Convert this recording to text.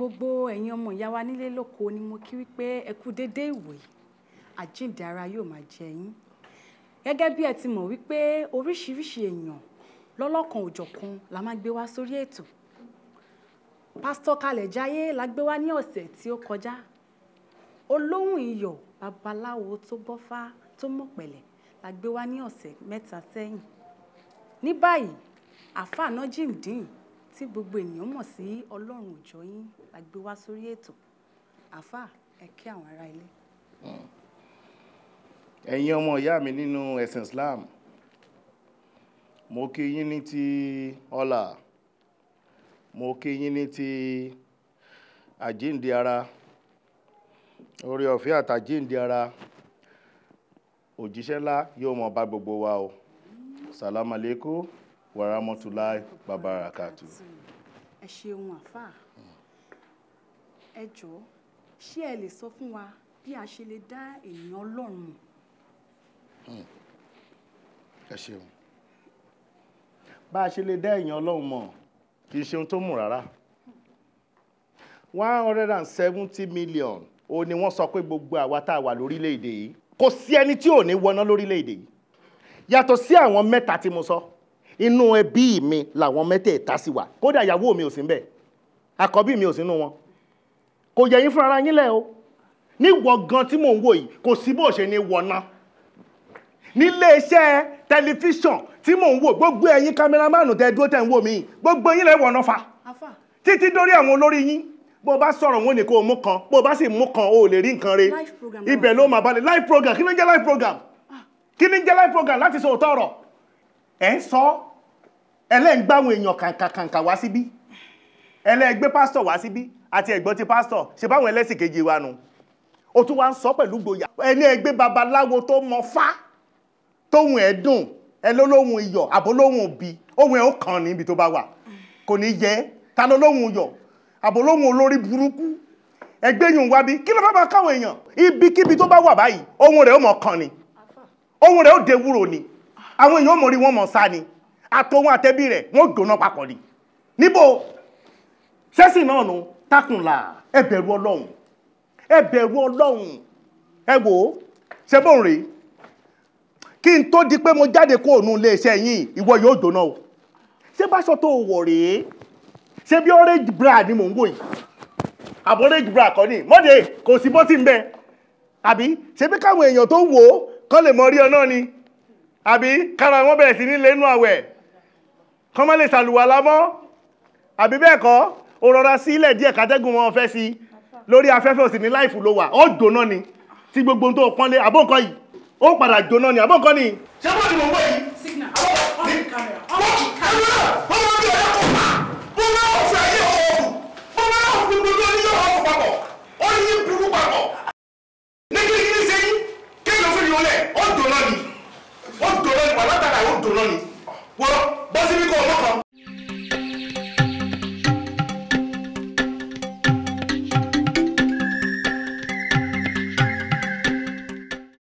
gbogbo ẹ̀yin ọmọ ìyá wa nílé lóko ni mo kí wípé ẹ kú déédéé ìwé àjíǹde ara yóò máa jẹ yín gẹ́gẹ́ bí ẹ ti mọ̀ wípé oríṣiríṣi èèyàn lọ́lọ́kan òjọ̀kan la máa gbé wá sórí ètò pásítọ̀ kalẹ̀ jáyé la gbé wá ní ọ̀sẹ̀ tí ó kọjá olóhùn iyọ̀ babaláwo tó bọ́fá tó mọ̀pẹ̀lẹ̀ la gbé wá ní ọ̀sẹ̀ mẹ́ta sẹ́yìn ní báyìí àfáà náà jìndín tí gbogbo ènìyàn mọ̀ sí ọlọ́run òjọ́ yín la gbé wá sórí ètò àáfà ẹ kí àwọn ará ilé. Hmm. ẹ̀yin ọmọ ìyá mi nínú ẹ̀sìn Islam mo kí yín ní ti ọlà mo kí yín ní ti àjíǹde ara orí ọ̀fẹ́ àtàjíǹde ara òjíṣẹ́ ńlá yóò mọ̀ bá gbogbo wa o salamaleykum wàràmọ́tòláì bàbárakàtù. ẹ ṣeun àfà ẹ jọ̀ọ́ ṣé ẹ lè sọ fún wa bí a ṣe lè dá ènìyàn Ọlọ́run mọ̀. Hmm. ẹ ṣeun bá a ṣe lè dá èèyàn Ọlọ́run mọ̀ kì í ṣe tó mú rárá one hundred and seventy million ó ní wọ́n sọ pé gbogbo àwa tá a wà lórílẹ̀‐èdè yìí kò sí ẹni tí ò ní wọná lórílẹ̀‐èdè yìí yàtọ̀ sí àwọn mẹ́ta tí mo sọ. So inú ẹbí mi làwọn mẹ́tẹ̀ẹ̀ta sì wà kódà ìyàwó mi ò sí ń bẹ̀ àkọ́bí mi ò sínú wọn kò yẹ yín fúnra yín lẹ̀ o níwọ̀ gan tí mò ń wò yìí kò sí bó ṣe ní wọ̀nà nílé iṣẹ́ tẹlifíṣàn tí mò ń wò gbogbo ẹ̀yin kámẹ́rámánù tẹ dúró tẹ̀ ń wò mí gbogbo yín lẹ̀ wọ̀nà fa títí dórí àwọn olórí yín bó o bá sọ̀rọ̀ wọn ni kò mú kan bó o bá sì mú kan o ò lè rí nǹkan re ibẹ̀ ló máa balẹ̀ live program kí ló jẹ́ live program ah. kí ló jẹ́ live program láti sọ òótọ́ ọ̀rọ̀ ẹ̀ ń sọ ẹlẹ́yìn gbáwọn èèyàn kàǹkàǹkà wá síbí ẹlẹ́gbẹ́ pásítọ̀ wá síbí àti ẹ̀gbọ́n ti pásítọ̀ ṣe báwọn ẹlẹ́sìn kejì wa nù o tún wá ń sọ pẹ̀lú gboyà ẹni ẹgbẹ́ babaláwo tó mọ fá tóhun ẹ̀ dùn ẹ lólóhun iyọ̀ àbólóhun òbí ohun ẹ̀ ó kàn níbi tó bá wà kò ní yẹ ta lólóhun iyọ̀ àbólóhun olórí burúkú ẹgbẹ́ yìí ń wá bí kí ló fẹ́ bá káwọn èèyàn ibikíbi tó bá wà báyìí ohun rẹ̀ ó mọ̀ kàn ni ohun rẹ̀ ó dewúro ni àwọn èèyàn ó mọ̀ rí wọn mọ̀ sá ni àtòun àtẹbí rẹ̀ wọ́n jóná papọ̀ ni níbo sẹ́sìn náà nu takùnlà ẹ bẹ̀rù ọlọ́run ẹ bẹ̀rù ọlọ́run ẹ wò ó ṣe bóun rèé kí n tó di pé mo jáde kó òun lè ṣe yín ìwọ yóò jóná o ṣé báṣọ tó wọ̀ rèé ṣé bí orange bra ni mò ń wò yìí àbọ̀ orange bra kọ́ ni mọ́dé kò sí bọ́tì ń bẹ àbí ṣé bí káwọn èèyàn tó wò ó kán lè mọ rí ọ náà ni àbí kára wọn bẹ̀rẹ̀ sí ní lẹ́nu àwẹ̀ kán má lè ṣàlùwàlá mọ́ àbí bẹ́ẹ̀ kọ́ ó rọra sílẹ̀ díẹ̀ kátẹ́gùn wọn fẹ́ sí lórí afẹ́fẹ́ òsì ní láìfù ló wà ó jóná ni tí gbogbo ohun tó pọ́nlé àbóǹkọ́ yìí ó padà jóná ni àbóǹkọ́ ni. ṣé bọ́ọ̀lù mò ń bọ̀ yìí. signal on the camera on the camera. ó dùn náà ni ó dùn náà ni wà látara ó dùn náà ni wo bọ́sibí kò mọ́kàn.